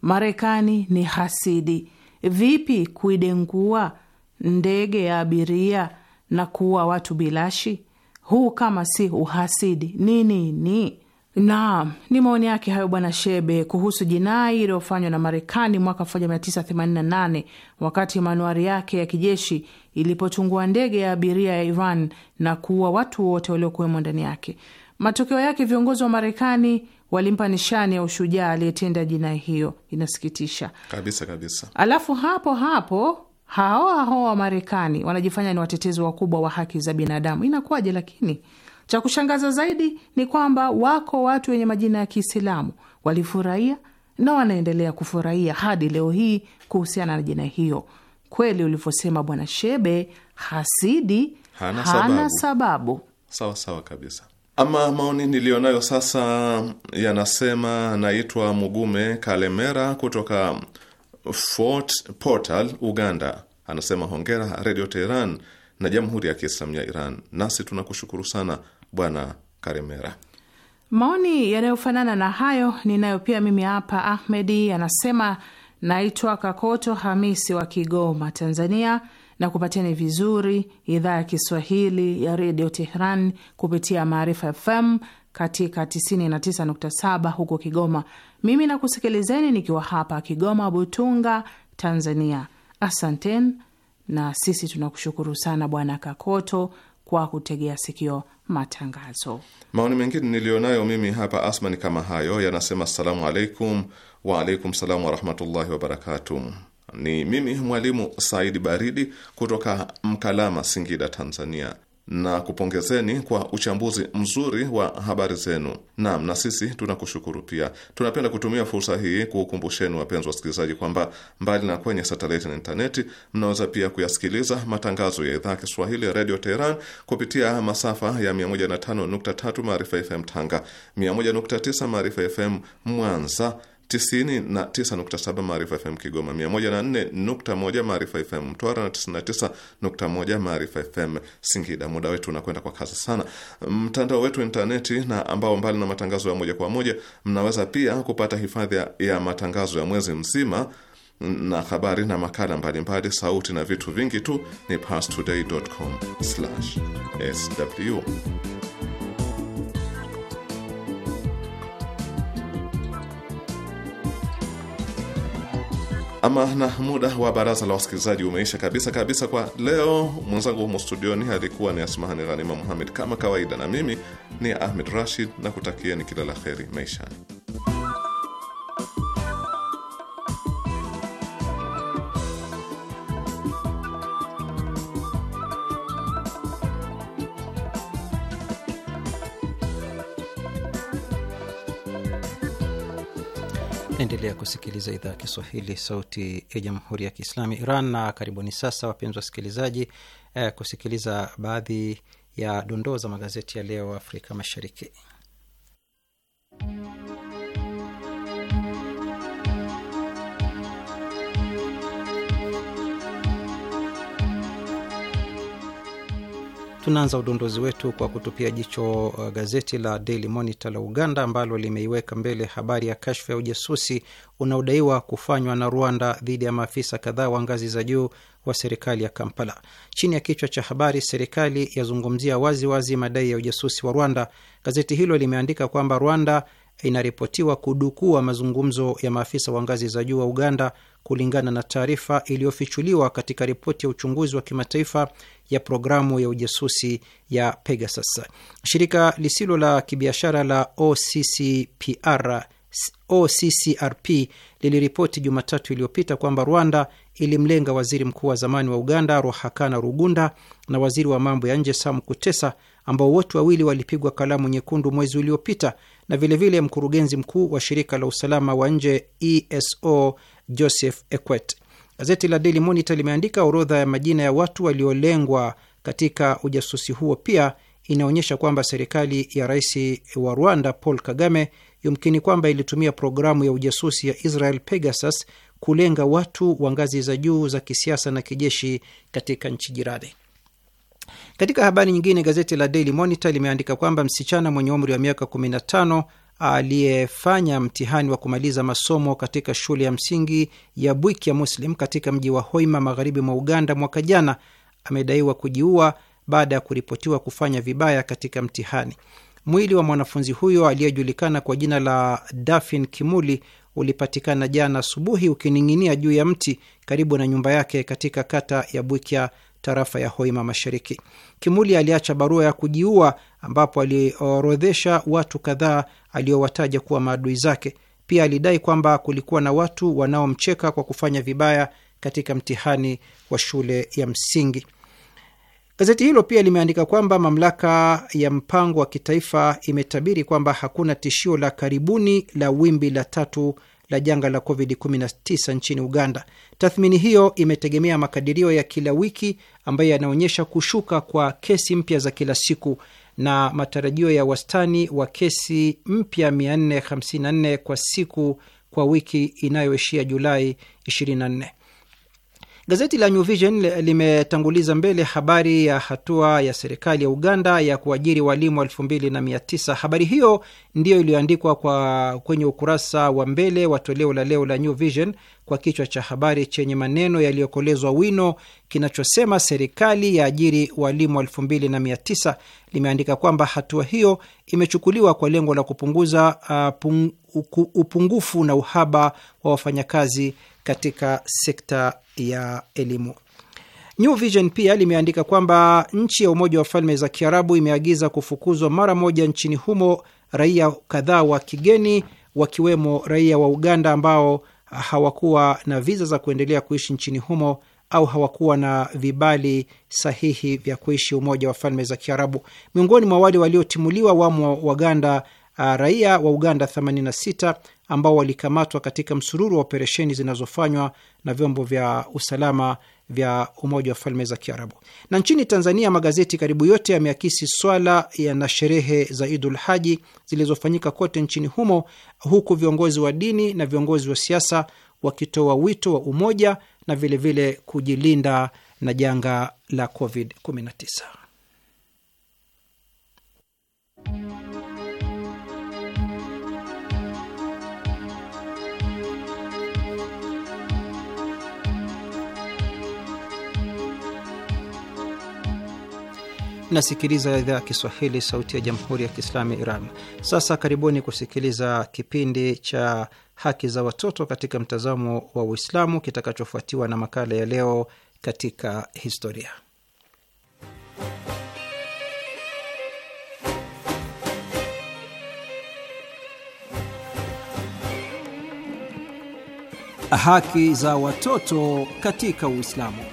Marekani ni hasidi Vipi kuidengua ndege ya abiria na kuua watu bilashi? Huu kama si uhasidi ni nini? Ni. Naam, ni maoni yake hayo Bwana Shebe kuhusu jinai iliyofanywa na Marekani mwaka 1988 wakati manuari yake ya kijeshi ilipotungua ndege ya abiria ya Iran na kuua watu wote waliokuwemo ndani yake. Matokeo yake viongozi wa Marekani walimpa nishani ya ushujaa aliyetenda jinai hiyo. Inasikitisha kabisa kabisa. Alafu hapo hapo hao hao wa Marekani wanajifanya ni watetezi wakubwa wa haki za binadamu. Inakuwaje? Lakini cha kushangaza zaidi ni kwamba wako watu wenye majina ya Kiislamu walifurahia na wanaendelea kufurahia hadi leo hii kuhusiana na jina hiyo. Kweli ulivyosema Bwana Shebe, hasidi hana, hana sababu. Sawa sawa kabisa. Ama maoni niliyonayo sasa yanasema, naitwa Mugume Kalemera kutoka Fort Portal, Uganda. Anasema hongera Redio Teheran na Jamhuri ya Kiislamu ya Iran. Nasi tunakushukuru sana Bwana Kalemera. Maoni yanayofanana na hayo ninayo pia mimi hapa. Ahmedi anasema, naitwa Kakoto Hamisi wa Kigoma, Tanzania na kupateni vizuri idhaa ya Kiswahili ya redio Tehran kupitia Maarifa FM katika 99.7 huko Kigoma. Mimi nakusikilizeni nikiwa hapa Kigoma Butunga, Tanzania. Asanteni na sisi tunakushukuru sana Bwana Kakoto kwa kutegea sikio matangazo. Maoni mengine niliyonayo mimi hapa Asmani kama hayo yanasema, assalamu alaikum. Waalaikum salamu warahmatullahi wabarakatuh. Ni mimi mwalimu Saidi Baridi kutoka Mkalama, Singida, Tanzania, na kupongezeni kwa uchambuzi mzuri wa habari zenu. Naam, na sisi tunakushukuru pia. Tunapenda kutumia fursa hii kuukumbusheni wapenzi wasikilizaji kwamba mbali na kwenye satelaiti na intaneti, mnaweza pia kuyasikiliza matangazo ya idhaa ya Redio Teheran kupitia masafa ya 105.3 Maarifa FM Tanga, 101.9 Maarifa FM Mwanza, 99.7 Maarifa FM Kigoma, 104.1 Maarifa FM Mtwara na 99.1 Maarifa FM Singida. Muda wetu unakwenda kwa kasi sana. Mtandao wetu intaneti, na ambao mbali na matangazo ya moja kwa moja, mnaweza pia kupata hifadhi ya matangazo ya mwezi mzima na habari na makala mbalimbali, sauti na vitu vingi tu ni pastoday.com/sw Ama na muda wa baraza la wasikilizaji umeisha kabisa kabisa kwa leo. Mwenzangu humo studioni alikuwa ni Asmahani Ghanima Muhamed kama kawaida, na mimi ni Ahmed Rashid na kutakieni kila la kheri maishani. Endelea kusikiliza idhaa ya Kiswahili, sauti ya jamhuri ya kiislamu Iran. Na karibuni sasa, wapenzi wasikilizaji, eh, kusikiliza baadhi ya dondoo za magazeti ya leo Afrika Mashariki. Tunaanza udondozi wetu kwa kutupia jicho uh, gazeti la Daily Monitor la Uganda ambalo limeiweka mbele habari ya kashfa ya ujasusi unaodaiwa kufanywa na Rwanda dhidi ya maafisa kadhaa wa ngazi za juu wa serikali ya Kampala. Chini ya kichwa cha habari, serikali yazungumzia wazi wazi madai ya ujasusi wa Rwanda, gazeti hilo limeandika kwamba Rwanda inaripotiwa kudukua mazungumzo ya maafisa wa ngazi za juu wa Uganda kulingana na taarifa iliyofichuliwa katika ripoti ya uchunguzi wa kimataifa ya programu ya ujasusi ya Pegasus. Shirika lisilo la kibiashara la OCCPR, OCCRP liliripoti Jumatatu iliyopita kwamba Rwanda ilimlenga waziri mkuu wa zamani wa Uganda Ruhakana Rugunda na waziri wa mambo ya nje Sam Kutesa ambao wote wawili walipigwa kalamu nyekundu mwezi uliopita, na vilevile vile mkurugenzi mkuu wa shirika la usalama wa nje ESO Joseph Ekwet. Gazeti la Daily Monitor limeandika orodha ya majina ya watu waliolengwa katika ujasusi huo pia inaonyesha kwamba serikali ya rais wa Rwanda Paul Kagame yumkini kwamba ilitumia programu ya ujasusi ya Israel Pegasus kulenga watu wa ngazi za juu za kisiasa na kijeshi katika nchi jirani. Katika habari nyingine, gazeti la Daily Monitor limeandika kwamba msichana mwenye umri wa miaka 15 aliyefanya mtihani wa kumaliza masomo katika shule ya msingi ya ya Muslim katika mji wa Hoima magharibi mwa Uganda mwaka jana amedaiwa kujiua baada ya kuripotiwa kufanya vibaya katika mtihani. Mwili wa mwanafunzi huyo aliyejulikana kwa jina la Dafin Kimuli ulipatikana jana asubuhi ukining'inia juu ya mti karibu na nyumba yake katika kata ya Bwikya, tarafa ya Hoima Mashariki. Kimuli aliacha barua ya kujiua ambapo aliorodhesha watu kadhaa aliyowataja kuwa maadui zake. Pia alidai kwamba kulikuwa na watu wanaomcheka kwa kufanya vibaya katika mtihani wa shule ya msingi. Gazeti hilo pia limeandika kwamba mamlaka ya mpango wa kitaifa imetabiri kwamba hakuna tishio la karibuni la wimbi la tatu la janga la COVID-19 nchini Uganda. Tathmini hiyo imetegemea makadirio ya kila wiki ambayo yanaonyesha kushuka kwa kesi mpya za kila siku na matarajio ya wastani wa kesi mpya 454 kwa siku kwa wiki inayoishia Julai 24. Gazeti la New Vision limetanguliza mbele habari ya hatua ya serikali ya Uganda ya kuajiri walimu 29 Habari hiyo ndiyo iliyoandikwa kwa kwenye ukurasa wa mbele wa toleo la leo la New Vision kwa kichwa cha habari chenye maneno yaliyokolezwa wino kinachosema serikali ya ajiri walimu 29 Limeandika kwamba hatua hiyo imechukuliwa kwa lengo la kupunguza uh, pung, upungufu na uhaba wa wafanyakazi katika sekta ya elimu. New Vision pia limeandika kwamba nchi ya Umoja wa Falme za Kiarabu imeagiza kufukuzwa mara moja nchini humo raia kadhaa wa kigeni wakiwemo raia wa Uganda ambao hawakuwa na viza za kuendelea kuishi nchini humo au hawakuwa na vibali sahihi vya kuishi Umoja wa Falme za Kiarabu. Miongoni mwa wale waliotimuliwa wamo Waganda, uh, raia wa Uganda ambao walikamatwa katika msururu wa operesheni zinazofanywa na vyombo vya usalama vya Umoja wa Falme za Kiarabu. Na nchini Tanzania, magazeti karibu yote yameakisi swala na sherehe za Idul Haji zilizofanyika kote nchini humo, huku viongozi wa dini na viongozi wa siasa wakitoa wa wito wa umoja na vilevile vile kujilinda na janga la COVID-19. Mnasikiliza idhaa ya Kiswahili, sauti ya jamhuri ya kiislamu ya Iran. Sasa karibuni kusikiliza kipindi cha haki za watoto katika mtazamo wa Uislamu kitakachofuatiwa na makala ya leo katika historia. Haki za watoto katika Uislamu.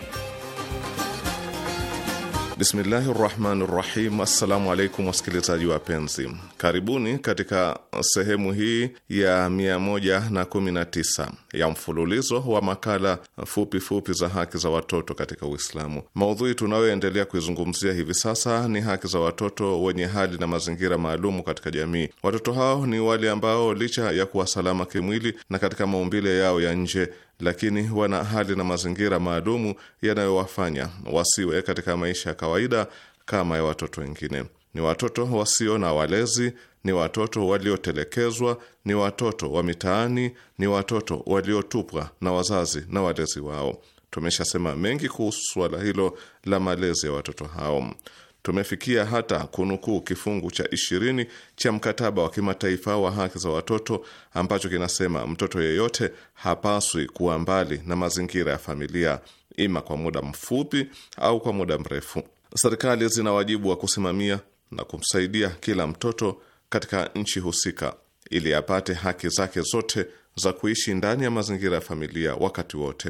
Bismillahi rahmani rahim. Assalamu alaikum wasikilizaji wapenzi, karibuni katika sehemu hii ya 119 ya mfululizo wa makala fupi fupi za haki za watoto katika Uislamu. Maudhui tunayoendelea kuizungumzia hivi sasa ni haki za watoto wenye hali na mazingira maalumu katika jamii. Watoto hao ni wale ambao licha ya kuwa salama kimwili na katika maumbile yao ya nje lakini wana hali na mazingira maalumu yanayowafanya wasiwe katika maisha ya kawaida kama ya watoto wengine. Ni watoto wasio na walezi, ni watoto waliotelekezwa, ni watoto wa mitaani, ni watoto waliotupwa na wazazi na walezi wao. Tumeshasema mengi kuhusu suala hilo la malezi ya watoto hao tumefikia hata kunukuu kifungu cha ishirini cha mkataba wa kimataifa wa haki za watoto ambacho kinasema mtoto yeyote hapaswi kuwa mbali na mazingira ya familia, ima kwa muda mfupi au kwa muda mrefu. Serikali zina wajibu wa kusimamia na kumsaidia kila mtoto katika nchi husika ili apate haki zake zote za kuishi ndani ya mazingira ya familia wakati wote.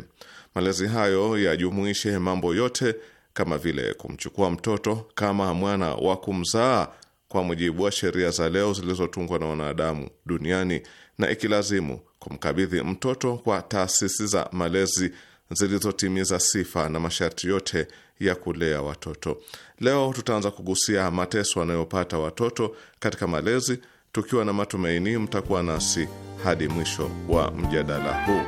Malezi hayo yajumuishe mambo yote kama vile kumchukua mtoto kama mwana wa kumzaa kwa mujibu wa sheria za leo zilizotungwa na wanadamu duniani, na ikilazimu kumkabidhi mtoto kwa taasisi za malezi zilizotimiza sifa na masharti yote ya kulea watoto. Leo tutaanza kugusia mateso anayopata watoto katika malezi, tukiwa na matumaini mtakuwa nasi hadi mwisho wa mjadala huu.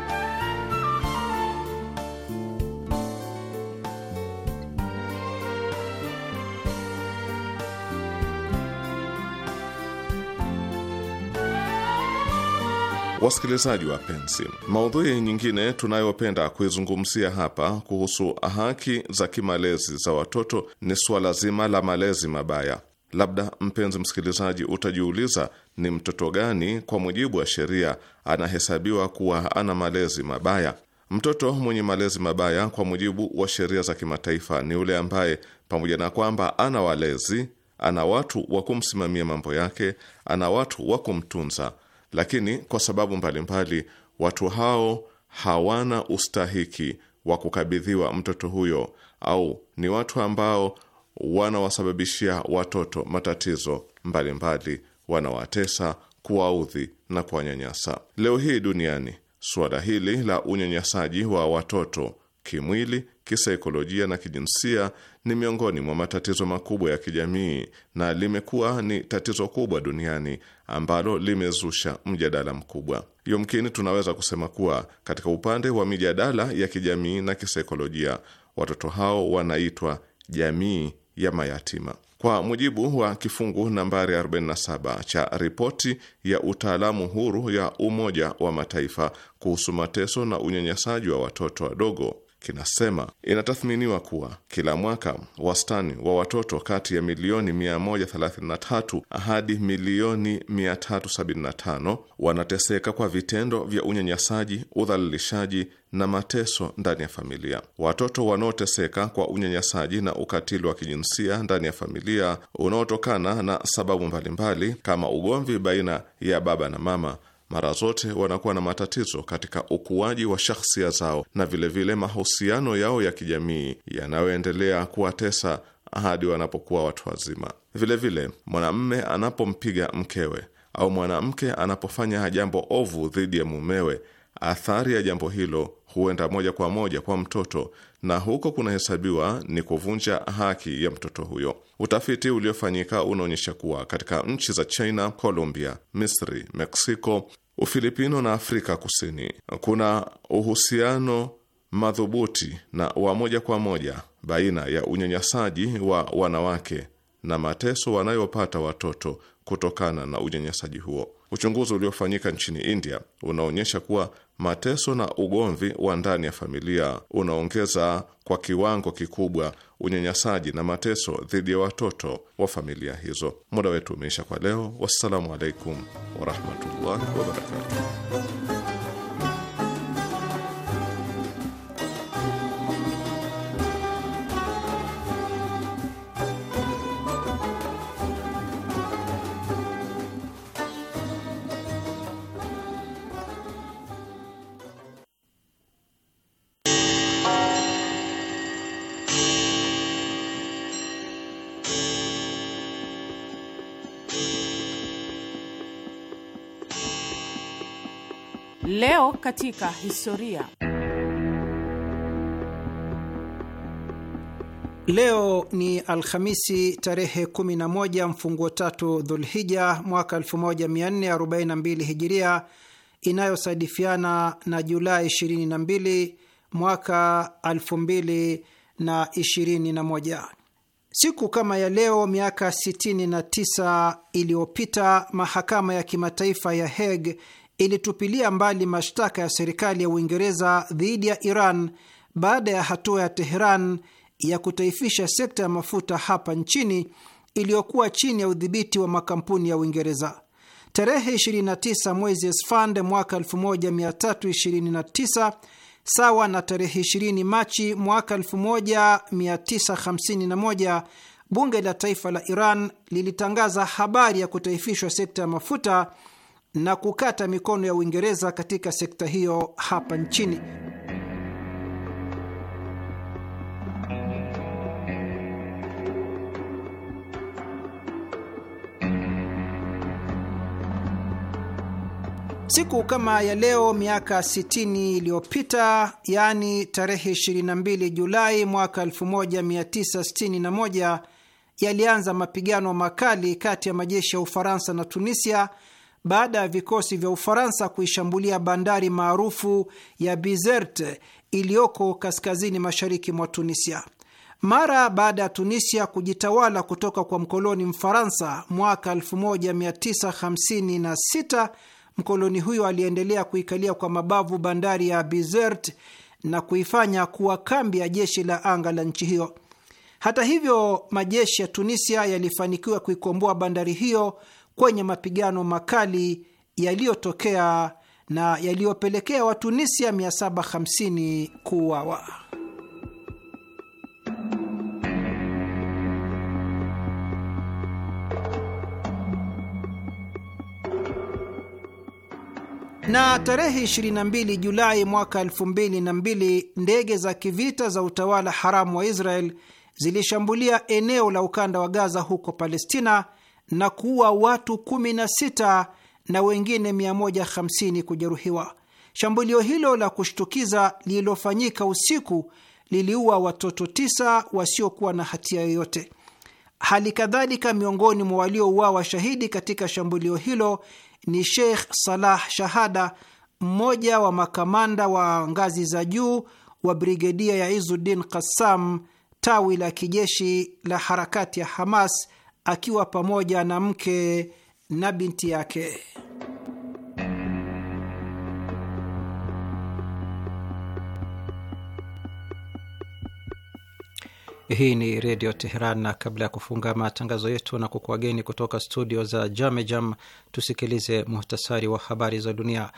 Wasikilizaji wapenzi, maudhui nyingine tunayopenda kuizungumzia hapa kuhusu haki za kimalezi za watoto ni suala zima la malezi mabaya. Labda mpenzi msikilizaji, utajiuliza ni mtoto gani kwa mujibu wa sheria anahesabiwa kuwa ana malezi mabaya? Mtoto mwenye malezi mabaya kwa mujibu wa sheria za kimataifa ni yule ambaye pamoja na kwamba ana walezi, ana watu wa kumsimamia mambo yake, ana watu wa kumtunza lakini kwa sababu mbalimbali mbali, watu hao hawana ustahiki wa kukabidhiwa mtoto huyo au ni watu ambao wanawasababishia watoto matatizo mbalimbali, wanawatesa, kuwaudhi na kuwanyanyasa. Leo hii duniani suala hili la unyanyasaji wa watoto kimwili kisaikolojia na kijinsia ni miongoni mwa matatizo makubwa ya kijamii na limekuwa ni tatizo kubwa duniani ambalo limezusha mjadala mkubwa. Yomkini tunaweza kusema kuwa katika upande wa mijadala ya kijamii na kisaikolojia, watoto hao wanaitwa jamii ya mayatima. Kwa mujibu wa kifungu nambari 47 cha ripoti ya utaalamu huru ya Umoja wa Mataifa kuhusu mateso na unyanyasaji wa watoto wadogo kinasema inatathminiwa kuwa kila mwaka wastani wa watoto kati ya milioni 133 hadi milioni 375 wanateseka kwa vitendo vya unyanyasaji, udhalilishaji na mateso ndani ya familia. Watoto wanaoteseka kwa unyanyasaji na ukatili wa kijinsia ndani ya familia unaotokana na sababu mbalimbali kama ugomvi baina ya baba na mama mara zote wanakuwa na matatizo katika ukuaji wa shahsia zao na vilevile mahusiano yao ya kijamii yanayoendelea kuwatesa hadi wanapokuwa watu wazima. Vilevile, mwanamme anapompiga mkewe au mwanamke anapofanya jambo ovu dhidi ya mumewe, athari ya jambo hilo huenda moja kwa moja kwa mtoto na huko kunahesabiwa ni kuvunja haki ya mtoto huyo. Utafiti uliofanyika unaonyesha kuwa katika nchi za China, Colombia, Misri, Meksiko, Ufilipino na Afrika Kusini kuna uhusiano madhubuti na wa moja kwa moja baina ya unyanyasaji wa wanawake na mateso wanayopata watoto kutokana na unyanyasaji huo. Uchunguzi uliofanyika nchini India unaonyesha kuwa mateso na ugomvi wa ndani ya familia unaongeza kwa kiwango kikubwa unyanyasaji na mateso dhidi ya watoto wa familia hizo. Muda wetu umeisha kwa leo. Wassalamu alaikum warahmatullahi wabarakatuh. katika historia. Leo ni Alhamisi tarehe 11 mfunguo tatu Dhulhija mwaka 1442 Hijiria, inayosadifiana na Julai 22 mwaka 2021. Siku kama ya leo miaka 69 iliyopita mahakama ya kimataifa ya Hague ilitupilia mbali mashtaka ya serikali ya Uingereza dhidi ya Iran baada ya hatua ya Teheran ya kutaifisha sekta ya mafuta hapa nchini iliyokuwa chini ya udhibiti wa makampuni ya Uingereza. Tarehe 29 mwezi Esfand mwaka 1329 sawa na tarehe 20 Machi mwaka 1951 bunge la taifa la Iran lilitangaza habari ya kutaifishwa sekta ya mafuta na kukata mikono ya Uingereza katika sekta hiyo hapa nchini. Siku kama ya leo miaka 60 iliyopita, yaani tarehe 22 Julai mwaka 1961, yalianza mapigano makali kati ya majeshi ya Ufaransa na Tunisia baada ya vikosi vya Ufaransa kuishambulia bandari maarufu ya Bizerte iliyoko kaskazini mashariki mwa Tunisia. Mara baada ya Tunisia kujitawala kutoka kwa mkoloni Mfaransa mwaka 1956, mkoloni huyo aliendelea kuikalia kwa mabavu bandari ya Bizerte na kuifanya kuwa kambi ya jeshi la anga la nchi hiyo. Hata hivyo, majeshi ya Tunisia yalifanikiwa kuikomboa bandari hiyo kwenye mapigano makali yaliyotokea na yaliyopelekea Watunisia 750 kuuawa. Na tarehe 22 Julai mwaka 2002 ndege za kivita za utawala haramu wa Israel zilishambulia eneo la ukanda wa Gaza huko Palestina na kuua watu 16 na wengine 150 kujeruhiwa. Shambulio hilo la kushtukiza lililofanyika usiku liliua watoto tisa wasiokuwa na hatia yoyote. Hali kadhalika, miongoni mwa waliouawa shahidi katika shambulio hilo ni Sheikh Salah Shahada, mmoja wa makamanda wa ngazi za juu wa brigedia ya Izuddin Kassam, tawi la kijeshi la harakati ya Hamas akiwa pamoja na mke na binti yake. Hii ni Redio Teheran, na kabla ya kufunga matangazo yetu na kukuageni kutoka studio za Jamejam, tusikilize muhtasari wa habari za dunia.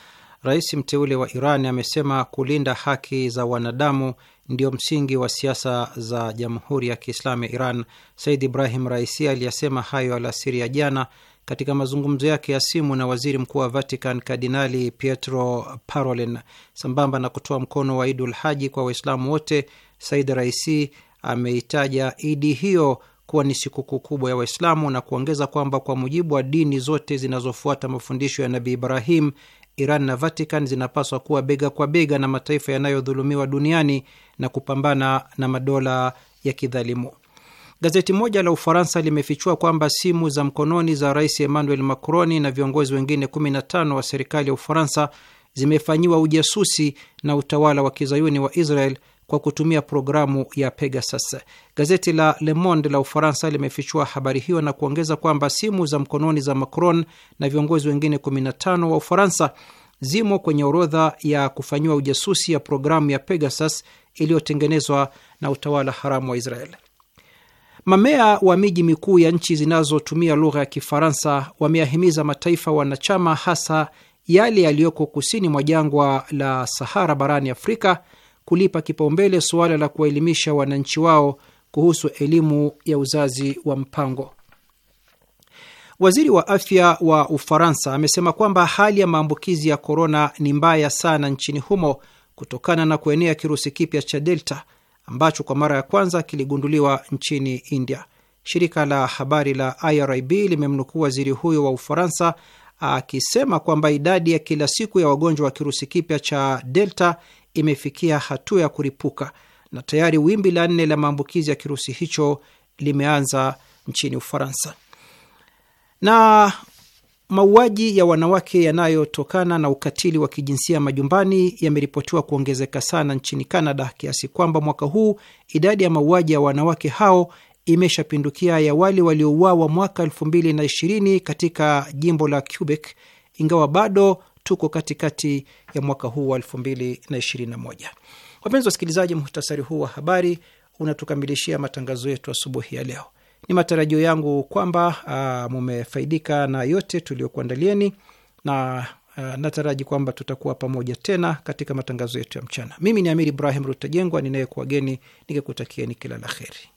Rais mteule wa Iran amesema kulinda haki za wanadamu ndio msingi wa siasa za Jamhuri ya Kiislamu ya Iran. Said Ibrahim Raisi aliyasema hayo alasiri ya jana katika mazungumzo yake ya simu na waziri mkuu wa Vatican Kardinali Pietro Parolin. Sambamba na kutoa mkono wa Idul Haji kwa Waislamu wote, Said Raisi ameitaja idi hiyo kuwa ni sikukuu kubwa ya Waislamu na kuongeza kwamba kwa mujibu wa dini zote zinazofuata mafundisho ya Nabii Ibrahim, Iran na Vatican zinapaswa kuwa bega kwa bega na mataifa yanayodhulumiwa duniani na kupambana na madola ya kidhalimu. Gazeti moja la Ufaransa limefichua kwamba simu za mkononi za Rais Emmanuel Macron na viongozi wengine 15 wa serikali ya Ufaransa zimefanyiwa ujasusi na utawala wa kizayuni wa Israel kwa kutumia programu ya Pegasus. Gazeti la Le Monde la Ufaransa limefichua habari hiyo na kuongeza kwamba simu za mkononi za Macron na viongozi wengine 15 wa Ufaransa zimo kwenye orodha ya kufanyiwa ujasusi ya programu ya Pegasus iliyotengenezwa na utawala haramu wa Israel. Mamea wa miji mikuu ya nchi zinazotumia lugha ya Kifaransa wameyahimiza mataifa wanachama, hasa yale yaliyoko kusini mwa jangwa la Sahara barani Afrika kulipa kipaumbele suala la kuwaelimisha wananchi wao kuhusu elimu ya uzazi wa mpango. Waziri wa afya wa Ufaransa amesema kwamba hali ya maambukizi ya korona ni mbaya sana nchini humo kutokana na kuenea kirusi kipya cha Delta ambacho kwa mara ya kwanza kiligunduliwa nchini India. Shirika la habari la IRIB limemnukuu waziri huyo wa Ufaransa akisema kwamba idadi ya kila siku ya wagonjwa wa kirusi kipya cha Delta imefikia hatua ya kuripuka na tayari wimbi la nne la maambukizi ya kirusi hicho limeanza nchini Ufaransa. Na mauaji ya wanawake yanayotokana na ukatili wa kijinsia majumbani yameripotiwa kuongezeka sana nchini Kanada kiasi kwamba mwaka huu idadi ya mauaji ya wanawake hao imeshapindukia ya wale waliouawa mwaka 2020 katika jimbo la Quebec, ingawa bado tuko katikati ya mwaka huu wa 2021. Wapenzi wasikilizaji, muhtasari huu wa habari unatukamilishia matangazo yetu asubuhi ya leo. Ni matarajio yangu kwamba uh, mumefaidika na yote tuliyokuandalieni na uh, nataraji kwamba tutakuwa pamoja tena katika matangazo yetu ya mchana. Mimi ni Amiri Ibrahim Rutajengwa ninayekuwageni nikikutakieni kila la heri.